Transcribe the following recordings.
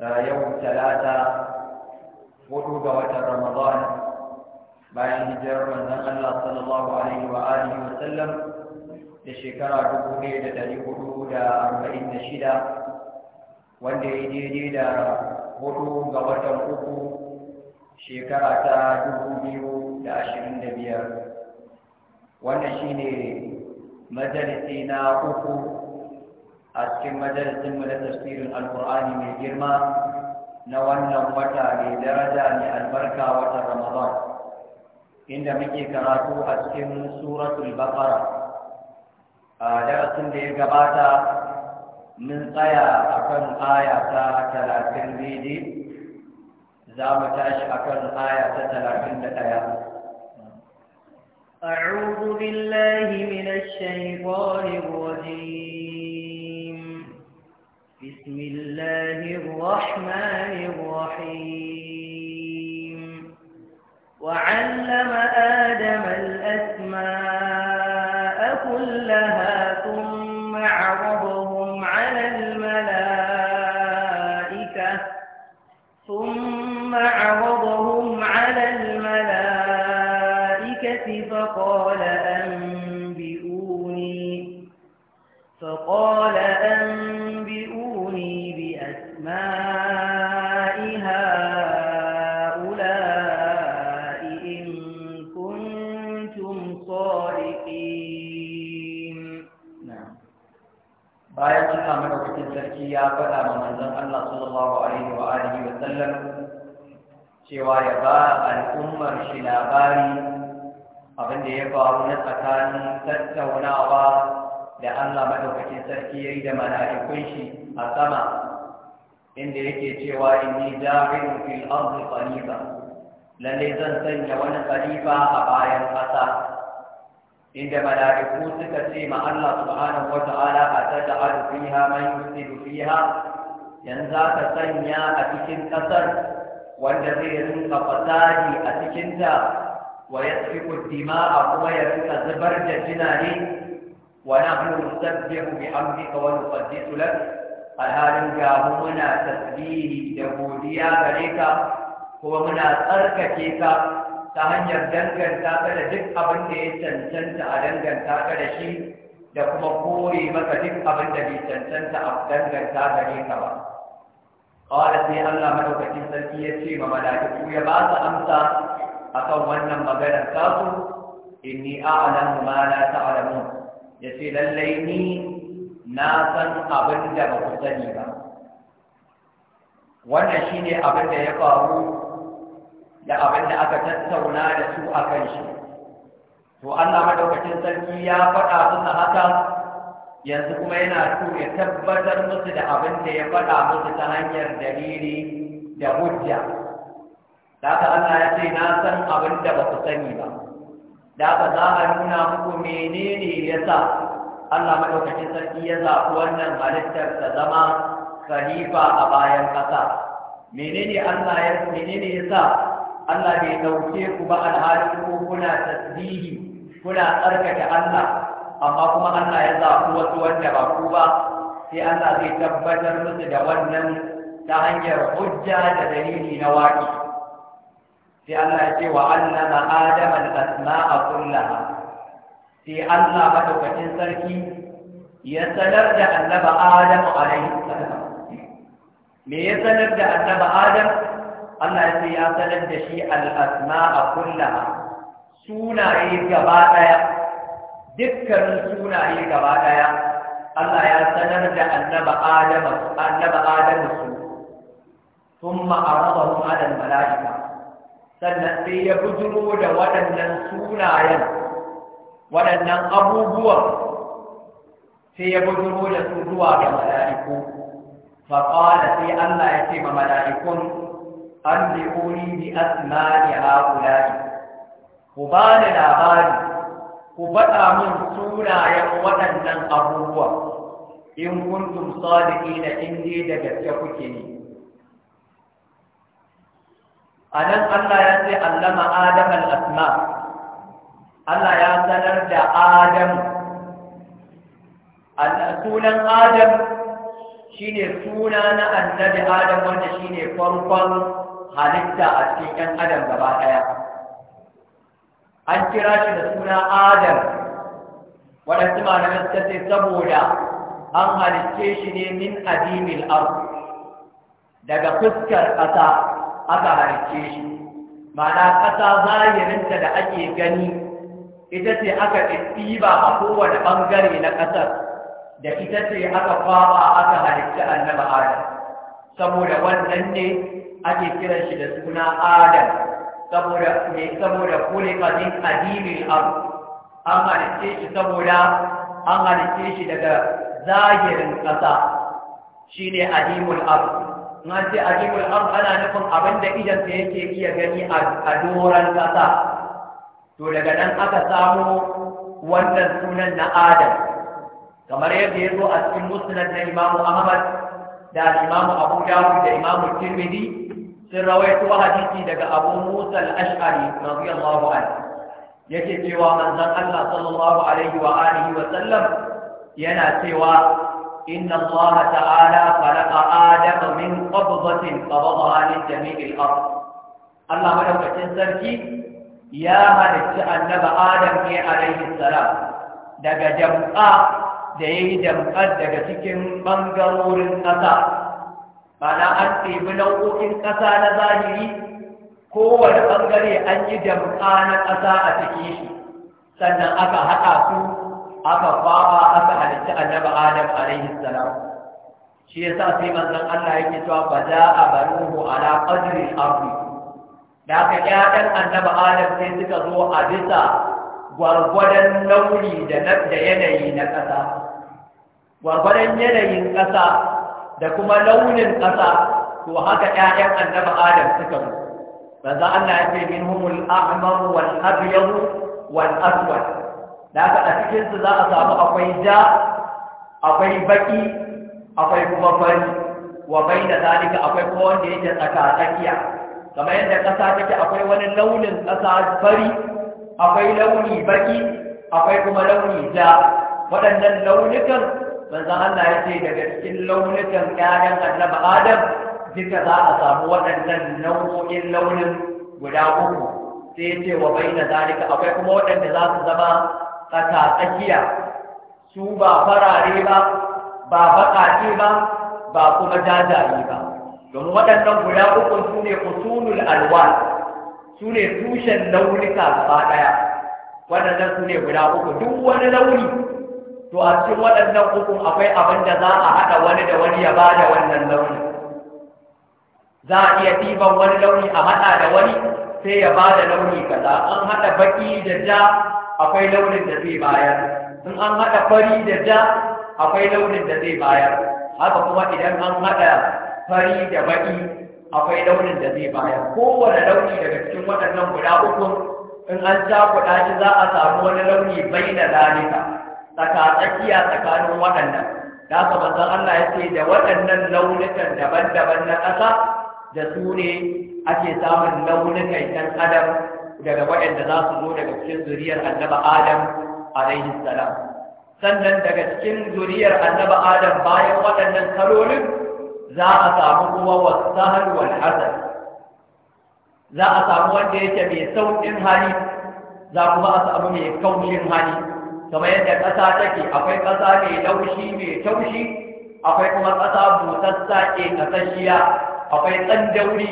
Eh, yau talata hudu ga watan ramadan bayan hijirar manzon Allah sallallahu alaihi wa alihi wa sallam da shekara dubu da hudu da arba'in da shida wanda ya daidai da hudu ga watan uku shekara ta dubu biyu da ashirin da biyar wannan shine majalisi na uku a cikin mu na tafsirin alkur'ani mai girma na wannan wata mai daraja mai albarka watan ramadan inda muke karatu a cikin suratul baqara a darasin da ya gabata mun tsaya a kan aya ta talatin daidai za mu tashi a kan aya ta talatin da ɗaya أعوذ بالله من الشيطان الرجيم بسم الله الرحمن الرحيم وعلم آدم الأسماء ya faɗa wa manzon Allah sallallahu alaihi wa alihi wa sallam cewa ya ba al'ummar shi labari abin da ya faru na tsakanin tattaunawa da Allah madaukakin sarki yayi da mala'ikun shi a sama inda yake cewa inni ja'ilun fil ardi khalifa lalle zan sanya wani khalifa a bayan ƙasa inda mala'iku suka ce ma Allah subhanahu wata'ala a taj'alu fiha man yusidu fiha yanzu ka sanya a cikin kasar wanda zai rinka fasadi a cikinta wa yasfiku a kuma ya rinka zubar da jinane wa nahnu nusabbihu bihamdika wa nuqaddisu lak alhalin ga muna tasbihi da godiya gare ka kuma muna tsarkake ka ta hanyar danganta ka da duk abin da ya cancanta a danganta ka da shi da kuma kore maka duk abin da bai cancanta a danganta gare ka ba kawai sai Allah madaukakin sarki ya ce ma mala'iku ya ba su amsa akan wannan maganar tasu inni a'lamu ma la Ya ce lallai ni na san abin da ba ku sani ba wannan shine abin da ya faru da abin da aka tattauna da su a kan shi to Allah madaukakin sarki ya faɗa musu haka yanzu kuma yana so ya tabbatar musu da abin da ya faɗa musu ta hanyar dalili da hujja da ka Allah ya ce na san abin da ba ku sani ba da ka za a nuna muku menene ya sa Allah madaukakin sarki ya zaɓi wannan halittar ta zama khalifa a bayan ƙasa menene Allah ya menene ya sa Allah bai dauke ku ba alhalin ko kuna tasbihi kuna tsarkake Allah amma kuma Allah ya zaɓi wasu wanda ba ku ba sai Allah zai tabbatar musu da wannan ta hanyar hujja da dalili na waƙi sai Allah ya ce wa annama adama al-asma'a kullaha sai Allah madaukakin sarki ya sanar da annaba Adam alaihi salam me ya sanar da annaba Adam Allah ya ce ya sanar da shi al'asma a kullaha sunaye gaba ɗaya dukkanin sunaye gaba ɗaya Allah ya sanar da annaba Adamu annaba Adamu su thumma aradahum ala al-mala'ika sannan sai ya bujuro da waɗannan sunayen waɗannan abubuwan sai ya bujuro da su zuwa ga mala'iku fa qala sai Allah ya ce ma mala'ikun an bi uri bi asmani haƙulari ku ba ni labari ku faɗa min sunayen waɗannan abubuwa in kuntum sadiki na inda da gaske kuke ne a nan allah ya ce allama adam al-asma allah ya sanar da adam sunan adam shine suna na annabi adam wanda shine farkon halitta a cikin ‘yan adam gaba ɗaya an kira shi da suna adam waɗansu malamai suka ce saboda an halicce shi ne min adimil ar daga fuskar ƙasa aka halicce shi ma'ana ƙasa zahirinta da ake gani ita ce aka ɗiba a kowane ɓangare na ƙasar da ita ce aka kwaba aka halitta annaba adam saboda wannan ne ake kiran shi da suna adam saboda ne saboda kule kazin adimin abu an halitte shi saboda an halitte shi daga zagirin ƙasa shi ne adimul abu na ce adimul abu ana nufin abin da idansa yake iya gani a doron ƙasa to daga nan aka samu wannan sunan na adam kamar yadda ya zo a cikin musnad na imamu ahmad da imamu abu dawud da imamu tirmidhi sun rawaito hadisi daga abu musa al-ash'ari radiyallahu anhu yake cewa manzon Allah sallallahu alaihi wa alihi wa sallam yana cewa inna Allah ta'ala khalaqa adama min qabdatin qabadaha min jami'il ard Allah madaukakin sarki ya halicci annaba Adam ne alaihi salam daga jam'a da ya yi damkar daga cikin ɓangarorin ƙasa ba na an ɗebi nau'o'in ƙasa na zahiri kowane ɓangare an yi damka na ƙasa a cikin shi sannan aka haɗa su aka faɓa aka halitta annabi adam alaihi salam shi sa sai manzan Allah yake cewa ba za a mu ala qadri al da aka ƴaƴan annabi adam sai suka zo a bisa gwargwadon launi da yanayi na ƙasa gwargwadon yanayin ƙasa da kuma launin ƙasa to haka ƴaƴan annabi adam suka mu manzo Allah ya ce minhumul ahmar wal abyad wal aswad da haka a cikin su za a samu akwai ja akwai baki akwai kuma fari wa baina zalika akwai kuma wanda yake tsaka tsakiya kamar yadda ƙasa take akwai wani launin ƙasa fari akwai launi baki akwai kuma launi ja waɗannan launukan manzan Allah ya ce daga cikin launukan ƴaƴan annabi Adam duka za a samu waɗannan nau'o'in launin guda uku sai ya ce wa bai na zalika akwai kuma waɗanda za su zama tsaka tsakiya su ba farare ba ba baƙaƙe ba ba kuma jajaye ba domin waɗannan guda uku su ne usulul alwal, su ne tushen launuka gaba ɗaya waɗannan su ne guda uku duk wani launi to a cikin waɗannan hukun akwai abin da za a haɗa wani da wani ya ba da wannan launi za a iya ɗiban wani launi a haɗa da wani sai ya ba da launi kaza an haɗa baƙi da ja akwai launin da zai bayar in an haɗa fari da ja akwai launin da zai bayar haka kuma idan an haɗa fari da baƙi akwai launin da zai bayar kowane launi daga cikin waɗannan guda uku in an cakuɗa shi za a samu wani launi bai da zalika tsakiya tsakanin waɗannan da aka manzon Allah ya ce da waɗannan launukan daban-daban na ƙasa da su ne ake samun launukan ɗan adam daga waɗanda za su zo daga cikin zuriyar annaba adam alaihi salam sannan daga cikin zuriyar annaba adam bayan waɗannan kalolin za a samu kuma wasu wal hasar za a samu wanda yake mai sauƙin hali za kuma a samu mai kaushin hali kamar yadda ƙasa take akwai ƙasa mai laushi mai taushi akwai kuma ƙasa busassa ke ƙasashiya akwai tsandauri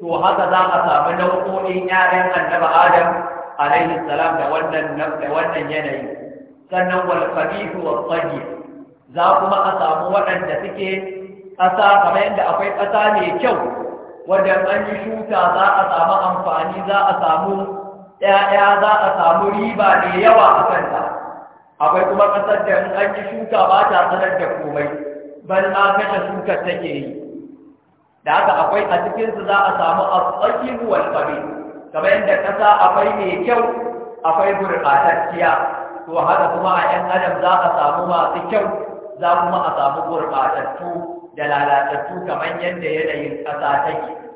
to haka za a samu nau'o'in 'ya'yan annabi adam alaihi salam da wannan da wannan yanayi sannan wal khabithu was tayyib za kuma a samu waɗanda suke ƙasa kamar yadda akwai ƙasa mai kyau wanda an yi shuka za a samu amfani za a samu 'ya'ya za a samu riba mai yawa a kanta akwai kuma ƙasar da in an yi shuka ba ta sanar da komai bal ma kashe shukar take yi da haka akwai a cikin cikinsu za a samu wal walfabi kamar yadda ƙasa akwai mai kyau akwai gurɓatacciya to haka kuma a ‘yan adam za a samu masu kyau za kuma a samu gurɓatattu da lalatattu kamar yadda yanayin ƙasa take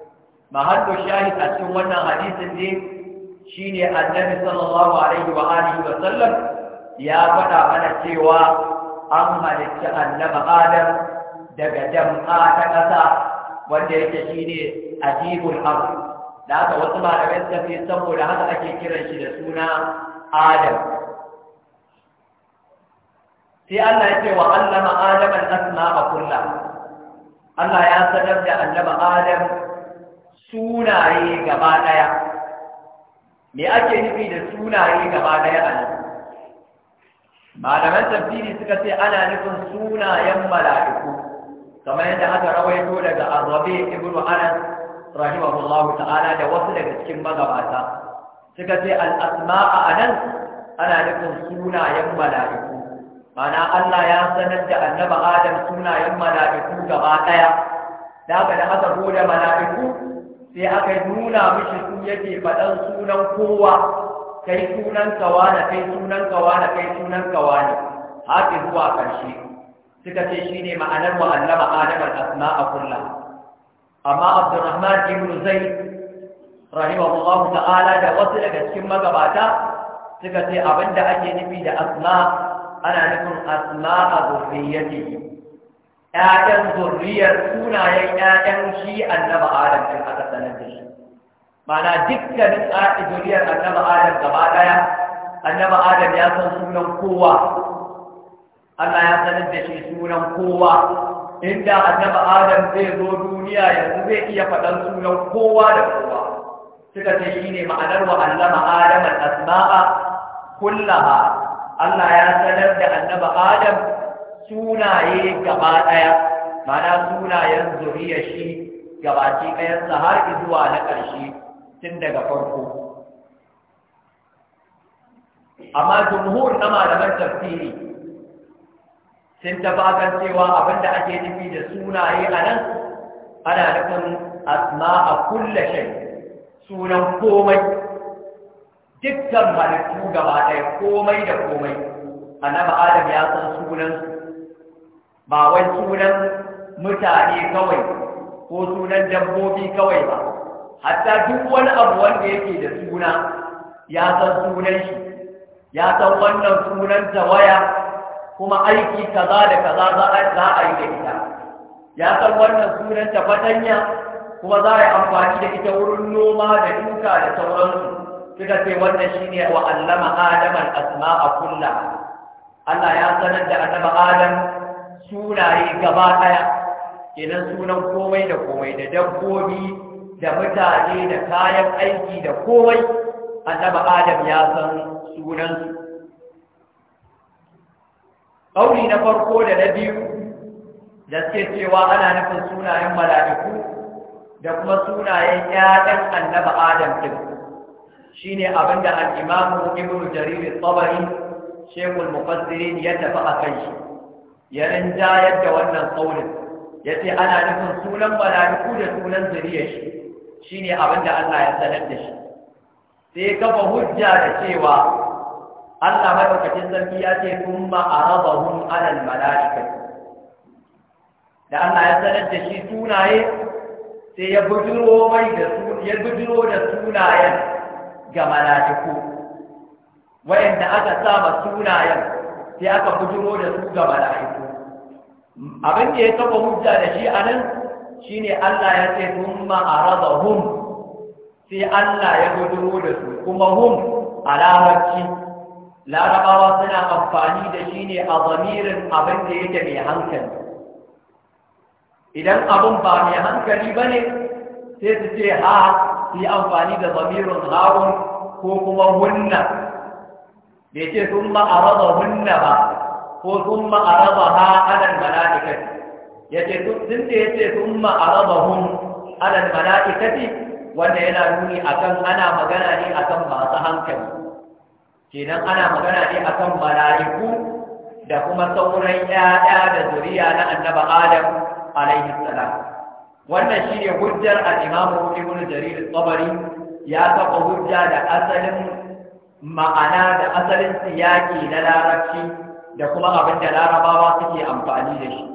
mahallu shahid a cikin wannan hadisin ne shine annabi sallallahu alaihi wa alihi wa sallam ya faɗa mana cewa an halitta annaba adam daga jam'a ta ƙasa wanda yake shine ajibul abu. da haka wasu malamai suka saboda haka ake kiran shi da suna adam sai Allah ya ce wa allama adam al a kulla. Allah ya sanar da annaba adam sunaye gaba daya me ake nufi da sunaye gaba daya a nan malaman tafsiri suka ce ana nufin sunayen mala'iku kamar yadda aka rawaito daga azabi ibnu anas rahimahullahu ta'ala da wasu daga cikin magabata suka ce al-asma'a anan ana nufin sunayen mala'iku mana Allah ya sanar da annaba Adam sunayen mala'iku gaba ɗaya da aka da aka zo da mala'iku sai aka nuna mishi su yake faɗan sunan kowa kai sunan kawana kai sunan kawana kai sunan kawana haka zuwa ƙarshe suka ce shine ma'anar wa allama adam al-asma'a kullah amma abdurrahman ibn zaid rahimahullah ta'ala da wasu daga cikin magabata suka ce abinda ake nufi da asma ana nufin asma asma'a zurriyyati ƴaƴan zurriyar sunayen ƴaƴan shi annaba adam din aka sanar da shi mana dukkanin zuriyar annaba adam gaba daya annaba adam ya san sunan kowa Allah ya sanar da shi sunan kowa inda annaba adam zai zo duniya yanzu zai iya faɗan sunan kowa da kowa suka ce shi ne ma'anar wa allama adam al-asma'a kullaha Allah ya sanar da annaba adam sunaye gaba daya ma'ana sunayen zuriyar shi gabaci ɗayansa har zuwa na ƙarshe tun daga farko amma jumhur na malaman tafsiri sun tafakan cewa abinda ake nufi da sunaye a nan ana nufin asma a kulle shai sunan komai dukkan halittu gaba ɗaya komai da komai annabi adam ya san sunan ba wai sunan mutane kawai ko sunan dabbobi kawai ba hatta duk wani abu wanda yake da suna ya san sunan shi ya san wannan sunan waya kuma aiki kaza da kaza za a yi da ita ya san wannan sunan ta fatanya kuma za a yi amfani da ita wurin noma da duka da sauransu kika ce wannan shine wa allama adama al-asma'a kullaha Allah ya sanar da annaba Adam sunaye gaba ɗaya kenan sunan komai da komai da dabbobi da mutane da kayan aiki da komai annaba adam ya san sunansu ƙauri na farko da na biyu da suke cewa ana nufin sunayen mala'iku da kuma sunayen ‘ya'yan annaba adam ɗin shi ne abin da al'imamu ibn jarir tsabari shekul mufassirin ya tafi a kai shi ya rinjayar da wannan ƙaunin ya ce ana nufin sunan mala'iku da sunan zuriyar shi shine abin da Allah ya sanar da shi sai kafa hujja da cewa Allah madaukakin sarki ya ce kun ba a raba hun alal mala'ika da Allah ya sanar da shi sunaye sai ya bujiro mai da ya bujiro da sunayen ga mala'iku wa'anda aka saba sunayen sai aka bujiro da su ga mala'iku abin da ya kafa hujja da shi a nan shine Allah ya ce thumma hum sai Allah ya guduro da su kuma hum alamarci larabawa suna amfani da shi ne a zamirin abin da yake mai hankali idan abin ba mai hankali ba ne sai su ce ha su yi amfani da zamirin harun ko kuma hunna bai ce sun ma'araba hunna ba ko sun ma'araba ha anan kai? yace ce tun da ya ce sun alal mala'ikati wanda yana nuni akan ana magana ne akan masu hankali kenan ana magana ne akan mala'iku da kuma sauran 'ya'ya da zuriya na Annabi adam alaihi salam wannan shine hujjar al-imam ibn jarir al-tabari ya kafa hujja da asalin ma'ana da asalin siyaki na larabci da kuma abin da larabawa suke amfani da shi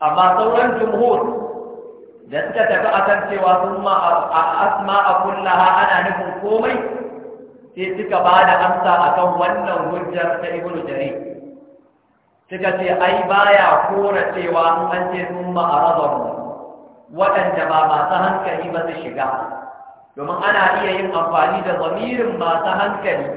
amma sauran jumhur da suka tafi a kan cewa sun ma a asma a kullaha ana nufin komai sai suka ba da amsa a kan wannan hujjar ta ibnu jarir suka ce ai baya kora cewa an ce sun a ma'arabar waɗanda ba masu hankali ba su shiga domin ana iya yin amfani da zamirin masu hankali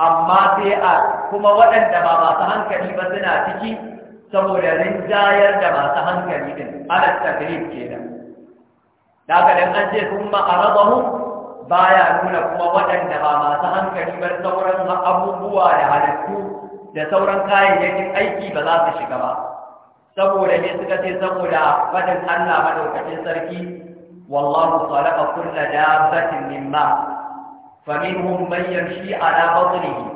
amma sai a kuma waɗanda ba masu hankali ba suna ciki saboda rinjayar da masu hankali din ala takrib kenan daga dan an ce kun ma ba baya nuna kuma waɗanda ba masu hankali ba sauran abubuwa da halittu da sauran kayayyakin aiki ba za su shiga ba saboda ne suka ce saboda faɗin Allah madaukakin sarki wallahu khalaqa kulla dabbatin mimma faminhum man yamshi ala batnihi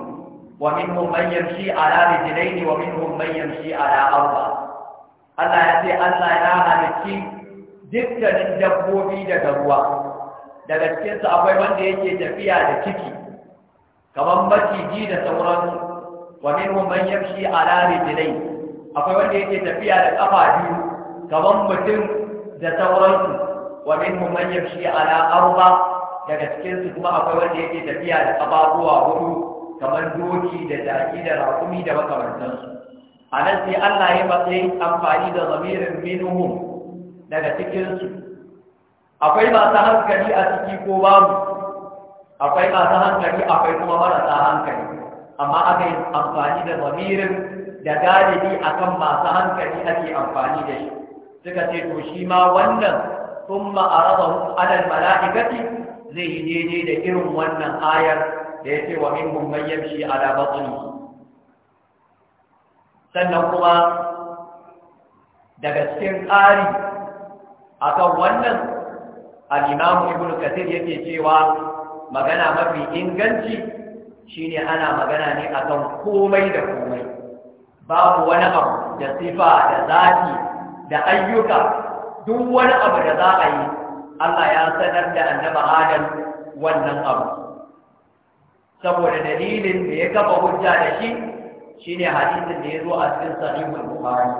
ومنهم من يمشي على رجلين ومنهم من يمشي على أربع Allah ya ce Allah ya halicci dukkanin dabbobi daga ruwa daga cikinsu akwai wanda yake tafiya da ciki kamar maciji da sauran wa minhum man yamshi ala rijlai akwai wanda yake tafiya da ƙafa biyu kamar mutum da sauransu wa minhum man yamshi ala arba daga cikinsu kuma akwai wanda yake tafiya da kafafuwa hudu kamar doki da daki da raƙumi da makamantansu a nan sai Allah ya matsayi amfani da zamirin minuhum daga cikinsu akwai masu hankali a ciki ko babu akwai masu hankali akwai kuma marasa hankali amma aka yi amfani da zamirin da galibi akan masu hankali ake amfani da shi suka ce to shi ma wannan sun ma'arabahun alal mala'ikati zai yi daidai da irin wannan ayar da ya ce wa minhum man yamshi ala sannan kuma daga cikin ƙari akan wannan al-imamu ibnu kathir yake cewa magana mafi inganci shine ana magana ne akan komai da komai babu wani abu da sifa da zafi da ayyuka duk wani abu da za a yi Allah ya sanar da annaba Adam wannan abu saboda dalilin da ya kafa hujja da shi shi ne hadisin da ya zo a cikin sahihul bukhari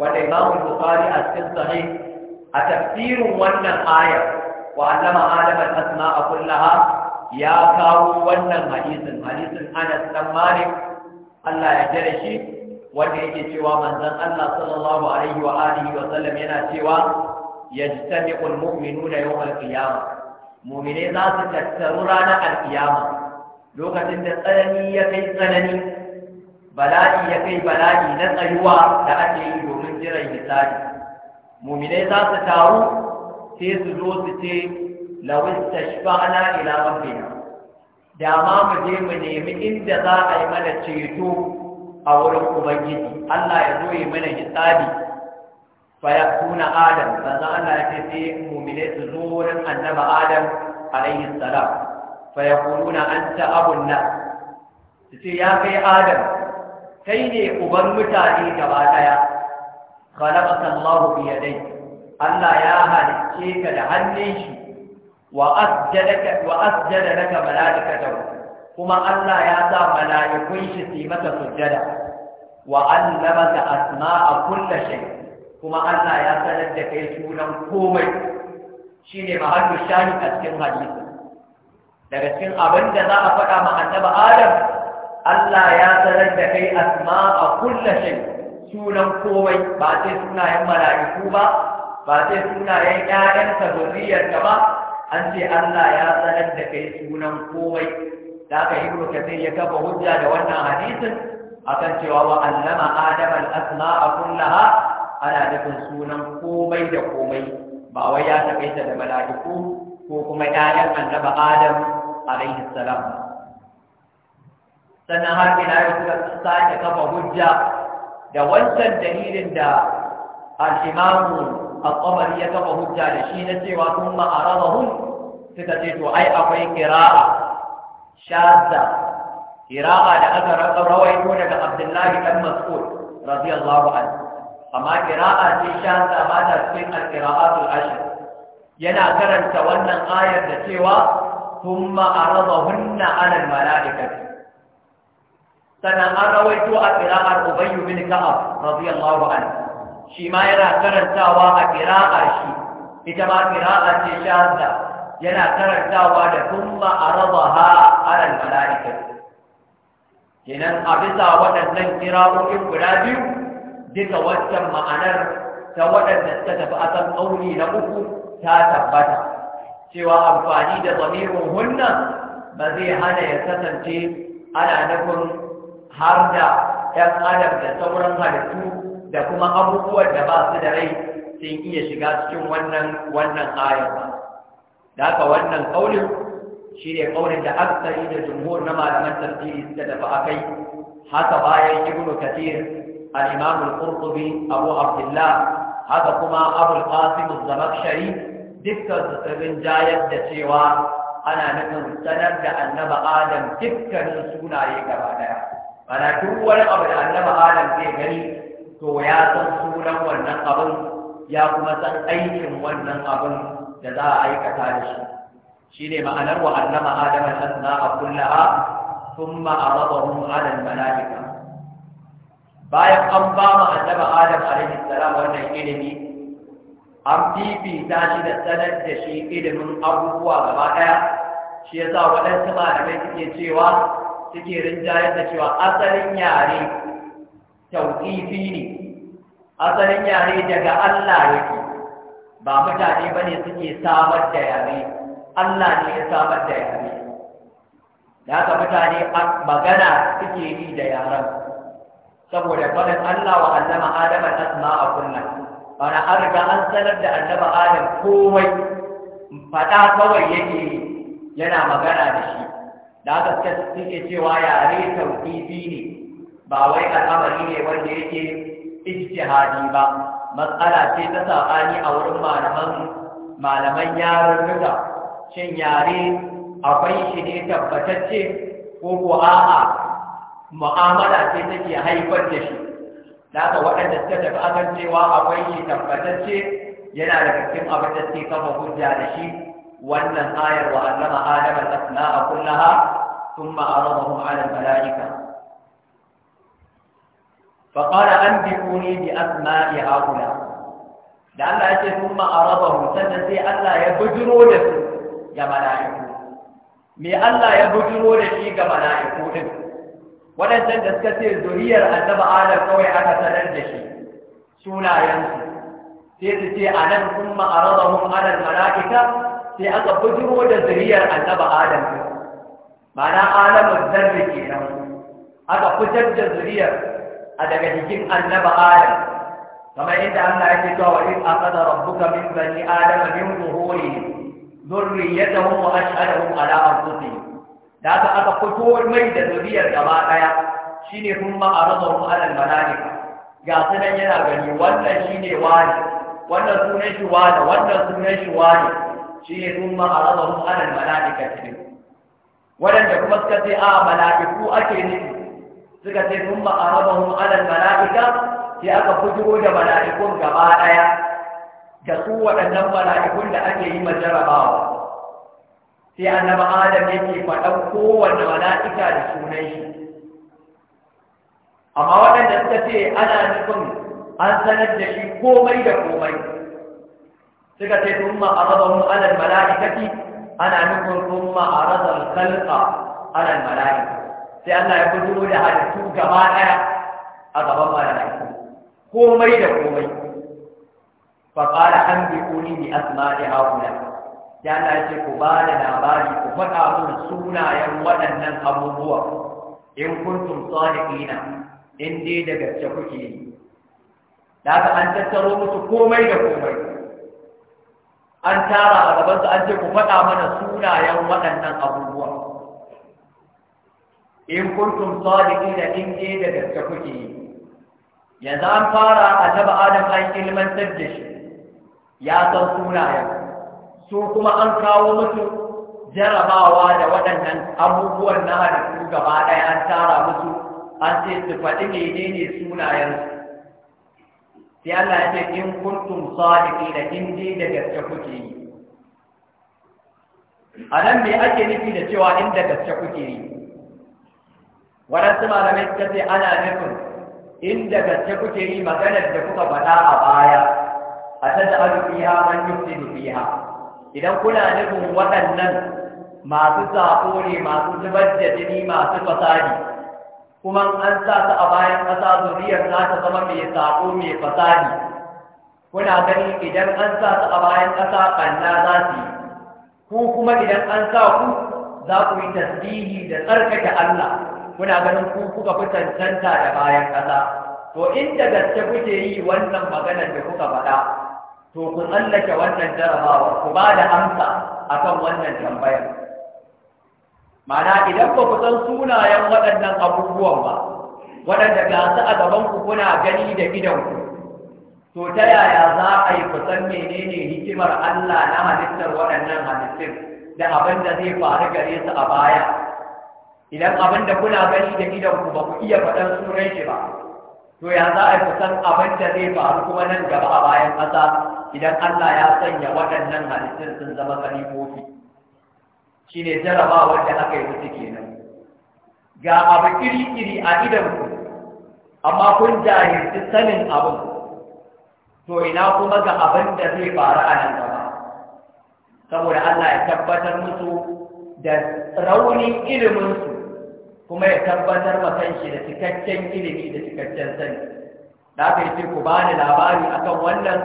wanda imam bukhari a cikin sahih a tafsirin wannan aya wa allama adam al asma'a kullaha ya kawo wannan hadisin hadisin Anas dan Malik Allah ya jira shi wanda yake cewa manzon Allah sallallahu alaihi wa alihi wa sallam yana cewa yajtami'u al-mu'minuna yawm al-qiyamah mu'mine za su tattaru ranar al-qiyamah lokacin da tsanani ya kai tsanani bala'i ya kai bala'i na tsayuwa da ake yi domin jiran misali muminai za su taru sai su zo su ce lawis tashfa'ana ila rabbina da ma mu je mu nemi inda za a yi mana ceto a wurin ubangiji Allah ya zo yi mana hisabi fa na adam sannan Allah ya ce sai muminai su zo wurin annaba adam alaihi salam fa yaquluna anta abun nas su ce ya kai adam kai ne uban mutane gaba daya khalaqaka Allahu bi yadayhi Allah ya halicce ka da hannun shi wa asjadaka wa asjada laka malaikatahu kuma Allah ya sa malaikun shi su maka sujjada wa allamaka asma'a kulli shay kuma Allah ya sanar da kai sunan komai shine mahallu shani a cikin hadisi daga cikin abin da za a faɗa ma annaba adam Allah ya sanar da kai asma a kulla sunan komai ba sai sunayen mala'iku ba ba sai sunayen ƴaƴan zuriyar ka ba an ce Allah ya sanar da kai sunan komai da ka yi ka sai ya kafa hujja da wannan hadisin akan cewa wa allama adam al-asma a kullaha ana nufin sunan komai da komai ba wai ya taƙaita da mala'iku ko kuma ƴaƴan annaba adam alaihi salam sannan har ila yau suka sake kafa hujja da wancan dalilin da al-imamu al-qabari ya kafa hujja da shi na cewa sun ma'aradahum suka ce to ai akwai kira'a shadda kira'a da aka rawaito daga abdullahi dan mas'ud radiyallahu anhu amma kira'a ce shadda ba ta cikin al-qira'atul ashr yana karanta wannan ayar da cewa thumma aradahunna 'ala al-mala'ikati sannan an rawaito a kira'ar ubayyu bin Ka'ab radiyallahu anhu shi ma yana karantawa a qira'ar shi ita ma qira'ar ce shahada yana karantawa da thumma raba 'ala anan malaikati kenan a bisa waɗannan kira'o'in guda biyu duka wancan ma'anar ta waɗanda suka tafi akan ƙauni na uku ta tabbata cewa amfani da zamirin hunna ba zai hana ya kasance ana nufin har da ‘yan adam da sauran halittu da kuma abubuwan da ba su da rai sun iya shiga cikin wannan wannan ayar ba. Da haka wannan ƙaunin shi ne ƙaunin da aksari da jumhur na malaman tafsiri suka dafa a kai haka bayan ibnu kathir al-imam al-qurtubi abu abdullah haka kuma abul qasim az dukkan su tsirin jayar da cewa ana nufin sanar da annaba adam dukkanin sunaye gaba daya bana duk wani abu da annaba adam zai gani to ya san sunan wannan abun ya kuma san aikin wannan abun da za a aikata da shi shine ma'anar wa annaba adam al-asna kullaha thumma aradahu ala malaika bayan an ba mu annaba adam alaihi salam wannan ilimi an fifita shi da sanar da shi ilimin abubuwa gaba ɗaya shi yasa waɗansu malamai suke cewa suke rinjayar da cewa asalin yare tauƙifi ne asalin yare daga Allah yake ba mutane ba ne suke samar da yare Allah ne ya samar da yare da haka mutane magana suke yi da yaren saboda faɗin Allah wa annama Adam al-asma a kunna bana an riga an sanar da annaba Adam komai faɗa kawai yake yana magana da shi da aka suke cewa yare tauhidi ne ba wai al'amari ne wanda yake ijtihadi ba matsala ce ta saɓani a wurin malaman malaman yarurruka shin yare akwai shi ne tabbatacce ko ko a'a mu'amala ce take haifar da shi da haka waɗanda suka tafi amincewa cewa akwai shi tabbatacce yana da cikin abin da suke kafa hujja da shi wannan ayar wa allama adama al-asma'a kullaha thumma aradahum 'ala al-mala'ika fa qala anbi'uni bi asma'i haula da Allah ya ce thumma aradahum sannan sai Allah ya bujuro da su ga mala'iku me Allah ya bujuro da shi ga mala'iku din waɗancan da suka ce zuriyar annaba adam kawai aka sanar da shi sunayensu sai su ce a nan kun ma'arazahun alal mala'ika sai aka bujiro da zuriyar annaba adam ma'ana alamun zarri nan aka fitar da zuriyar a daga jikin annaba adam kamar inda Allah yake cewa wa in aqada rabbuka min bani adama min zuhurihim dhurriyyatahum wa ashhadahum ala anfusihim da aka aka fito mai da zuriyar gaba ɗaya shine kun ma a rasa mu alal malaika ga sunan yana gani wannan shine wani wannan sunan shi wani wannan sunan shi wani shine kun ma a rasa mu alal malaika ce wadanda kuma suka ce a malaiku ake nufi suka ce kun ma a rasa mu alal malaika sai aka fito da malaikun gaba ɗaya da su waɗannan malaikun da ake yi ma jarabawa sai annabi adam yake faɗan kowanne mala'ika da sunan shi amma waɗanda suka ce ana nufin an sanar da shi komai da komai suka ce thumma aradahum ala al-mala'ikati ana nufin thumma arada al-khalqa ala al-mala'ika sai Allah ya fito da halittu gaba ɗaya a gaban mala'ika komai da komai fa qala anbiquni bi asma'i haula ya Allah ku ba da labari ku faɗa mun sunayen waɗannan abubuwa in kuntum sadiqina in dai da gaske kuke yi da ka an tattaro musu komai da komai an tara a gabansu an ce ku faɗa mana sunayen waɗannan abubuwa in kuntum sadiqina in dai da gaske kuke yi yanzu an fara annabi adam an ilmantar da shi ya san sunayen su kuma an kawo musu jarabawa da waɗannan abubuwan na halittu gaba ɗaya an tara musu an ce su faɗi menene sunayen sai Allah ya ce in kuntum da in dai da gaske kuke yi a nan me ake nufi da cewa in da gaske kuke yi waɗansu malamai suka ce ana nufin in da gaske kuke yi maganar da kuka faɗa a baya a ta da alu fiha man yufsidu fiha idan kuna nufin waɗannan masu zaɓo ne masu zubar da jini masu fasadi kuma an sa su a bayan ƙasa zuriyar za ta zama mai saƙo mai fasadi kuna gani idan an sa su a bayan ƙasa ɓanna za su yi ko kuma idan an sa ku za ku yi tasbihi da tsarkake Allah kuna ganin ku kuka fi cancanta da bayan ƙasa to inda gaske kuke yi wannan maganar da kuka faɗa to ku tsallake wannan jarabawa ku ba da amsa akan wannan tambayar ma'ana idan ba ku san sunayen waɗannan abubuwan ba waɗanda ga su a gaban ku kuna gani da gidanku to ta yaya za a yi ku san menene hikimar Allah na halittar waɗannan halittun da abin da zai faru gare su a baya idan abin da kuna gani da gidanku ba ku iya faɗan sunan shi ba to ya za a yi ku san abin da zai faru kuma nan gaba a bayan ƙasa idan Allah ya sanya waɗannan halittun sun zama kalifofi shi ne jarabawar da aka yi musu kenan ga abu iri-iri a idanku amma kun jahilci sanin abin to ina kuma ga abin da zai faru a nan gaba saboda Allah ya tabbatar musu da raunin iliminsu kuma ya tabbatar wa kanshi da cikakken ilimi da cikakken sani da aka yi ku bani labari akan wannan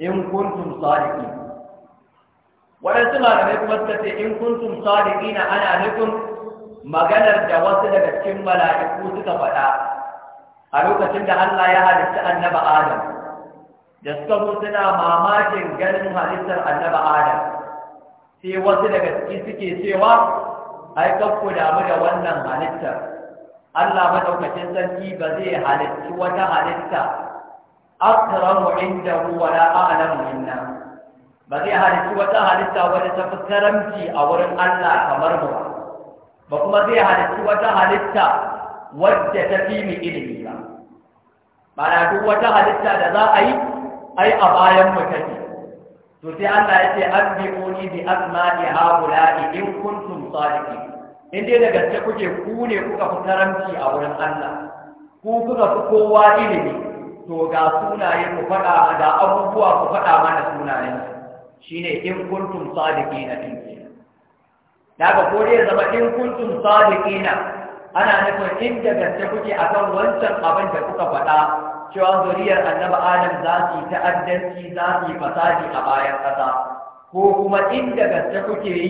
in kuntum sadiqi waɗansu malamai kuma suka ce in kuntum sadiqi na ana nufin maganar da wasu daga cikin mala'iku suka faɗa a lokacin da Allah ya halitta annaba Adam da suka suna mamakin ganin halittar annaba Adam sai wasu daga ciki suke cewa ai kakku damu da wannan halittar Allah madaukakin sarki ba zai halitta wata halitta akramu indahu wa la a'lamu minna ba zai halitta wata halitta wadda ta fi karamci a wurin Allah kamar mu ba kuma zai halitta wata halitta wadda ta fi mu ilimi ba ba na duk wata halitta da za a yi ai a bayan mu take to sai Allah ya ce an bi uni bi asma'i haula'i in kuntum sadiqin in dai da gaske kuke ku ne kuka fi karamci a wurin Allah ku kuka fi kowa ilimi to ga sunaye ku faɗa da abubuwa ku faɗa mana sunayen shine in kuntum sadiqina din kenan daga ko dai zama in kuntum sadiqina ana nufin in da gaske kuke akan wancan abin da kuka faɗa cewa zuriyar annaba adam za su yi ta'addanci za su yi fasadi a bayan ƙasa ko kuma in da gaske kuke yi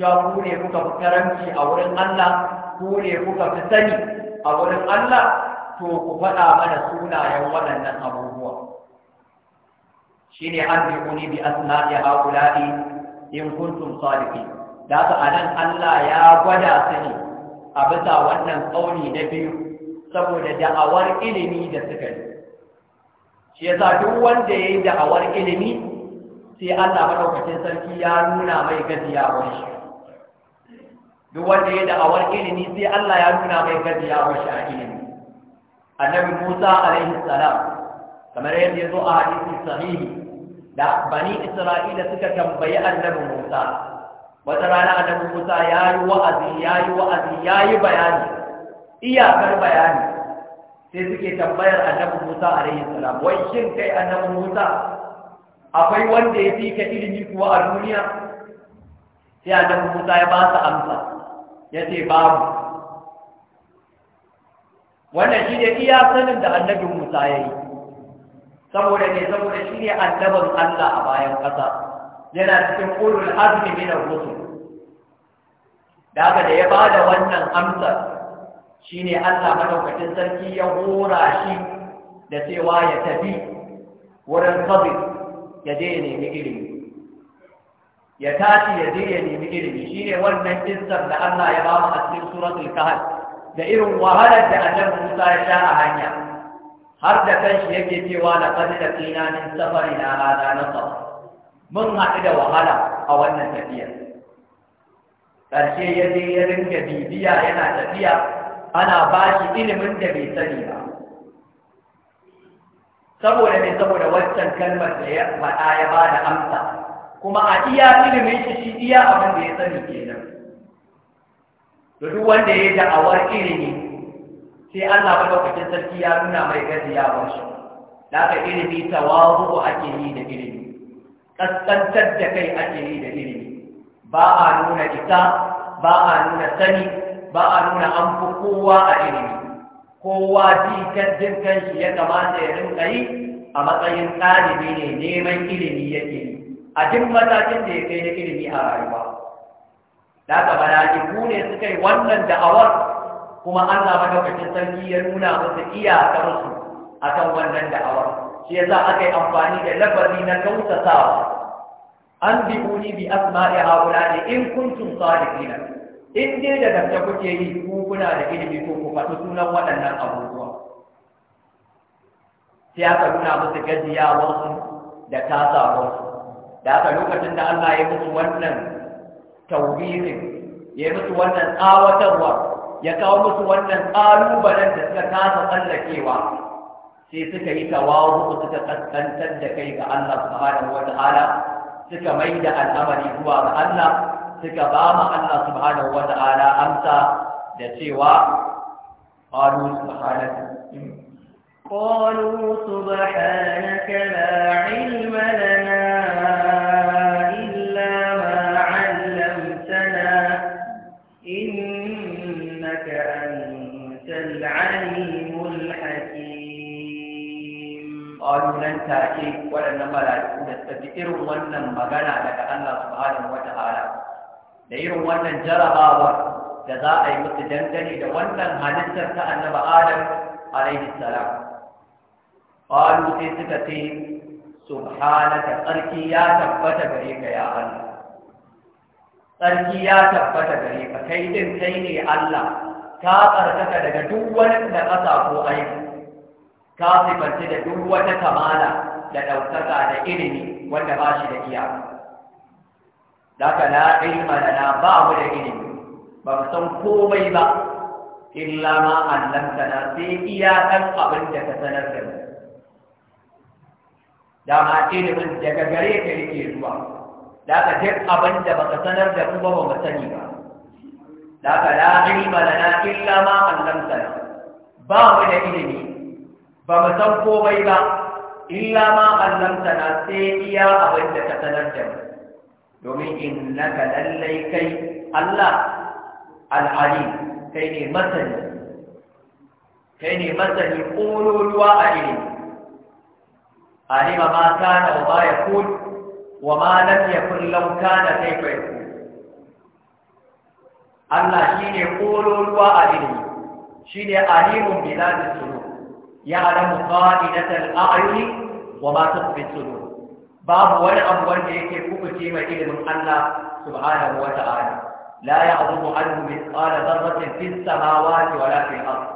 cewa ku ne kuka fi karanci a wurin Allah ku ne kuka fi sani a wurin Allah to ku faɗa mana sunayen waɗannan abubuwa shi ne an bi kuni bi asna ya haƙulaɗi in kuntum sadiqi da su a nan Allah ya gwada su ne a bisa wannan tsauni na biyu saboda da'awar ilimi da suka yi shi yasa duk wanda ya yi da'awar ilimi sai Allah maɗaukacin sarki ya nuna mai gajiyawar shi duk wanda ya yi da'awar ilimi sai Allah ya nuna mai gajiyawar shi a ilimi annabi Musa alaihi salam kamar yadda ya zo a hadisi sahihi da bani Isra'ila suka tambayi annabi Musa wata rana annabi Musa ya yi wa'azi ya yi wa'azi ya yi bayani iyakar bayani sai suke tambayar annabi Musa alaihi salam wai shin kai annabi Musa akwai wanda ya fi ka ilimi kuwa a duniya sai annabi Musa ya ba su amsa ya ce babu wannan shi ne iya sanin da annabin musa ya yi saboda ne saboda shi ne annabin allah a bayan ƙasa yana cikin ulul azmi min ar-rusul da haka da ya ba da wannan amsar ne Allah madaukakin sarki ya hora shi da cewa ya tafi wurin sabir ya je ya nemi ilimi ya tashi ya je ya nemi ilimi ne wannan kissar da Allah ya ba mu a cikin suratul kahf da irin wahalar da annabi Musa ya sha a hanya har da kanshi yake cewa na qad laqina min safarina hada nasab mun haɗu da wahala a wannan tafiyar ƙarshe ya je ya ringa bibiya yana tafiya ana ba shi ilimin da bai sani ba saboda ne saboda waccan kalmar da ya faɗa ya ba da amsa kuma a iya ilimin shi shi iya abin da ya sani kenan da duk wanda ya yi da'awar ilimi sai Allah madaukakin sarki ya nuna mai ya ba shi da aka ilimi tawazu ake yi da ilimi ƙasƙantar da kai ake yi da ilimi ba a nuna isa ba a nuna sani ba a nuna an fi kowa a ilimi kowa kan shi ya kamata ya rinka yi a matsayin ɗalibi ne neman ilimi yake yi a duk matakin da ya kai na ilimi a rayuwa da bada mala'iku ne suka yi wannan da'awar kuma Allah madaukakin sarki ya nuna musu iyakarsu akan wannan da'awar shi yasa aka yi amfani da lafazi na kautatawa an bi kuni bi asma'i haula ne in kuntum sadiqin in dai da gaske kuke yi ku kuna da ilimi ko ku faɗi sunan waɗannan abubuwa sai aka nuna musu gajiyawarsu da tasawarsu da haka lokacin da Allah ya musu wannan tawbirin ya musu wannan tsawatarwa ya kawo musu wannan ƙalubalen da suka kasa tsallakewa sai suka yi tawazu suka kaskantar da kai ga Allah subhanahu wa ta'ala suka mai da al'amari zuwa ga Allah suka ba mu Allah subhanahu wa ta'ala amsa da cewa qalu subhanaka qalu subhanaka la ilma lana nan take waɗannan mala'iku da suka ji irin wannan magana daga Allah subhanahu wata'ala da irin wannan jarabawa da za a yi musu dangane da wannan halittar ta annaba Adam alaihi salam qalu sai suka ce subhanaka tsarki ya tabbata gare ka ya Allah tsarki ya tabbata gare ka kai din kai ne Allah ka tsarkaka daga duk wani da ƙasa ko aiki ka sifanta da duk wata kamala da ɗaukaka da ilimi wanda ba shi da iyaka daga la ilma lana ba mu da ilimi ba mu san komai ba illa ma allamtana sai iya kan abin da ka sanar da mu dama ilimin daga gare ka yake zuwa da ka duk abin da baka sanar da mu ba mu sani ba da ka la ilma lana illa ma allamtana ba mu da ilimi ba mu san komai ba illa ma na sai iya abin da ka sanar da mu domin innaka lallai kai Allah al'ali kai ne masani kai ne masani ƙololuwa a ilimi alima ma kana wa ma yakun wa ma lam yakun law kana kayfa yakun Allah shine ƙololuwa a ilimi shine alimun bilad يعلم خائنة الأعين وما تخفي الصدور باب ولا أبو ولا يكي كوكتي ما إلى من الله سبحانه وتعالى لا يعظم عنه مثقال ذرة في السماوات ولا في الأرض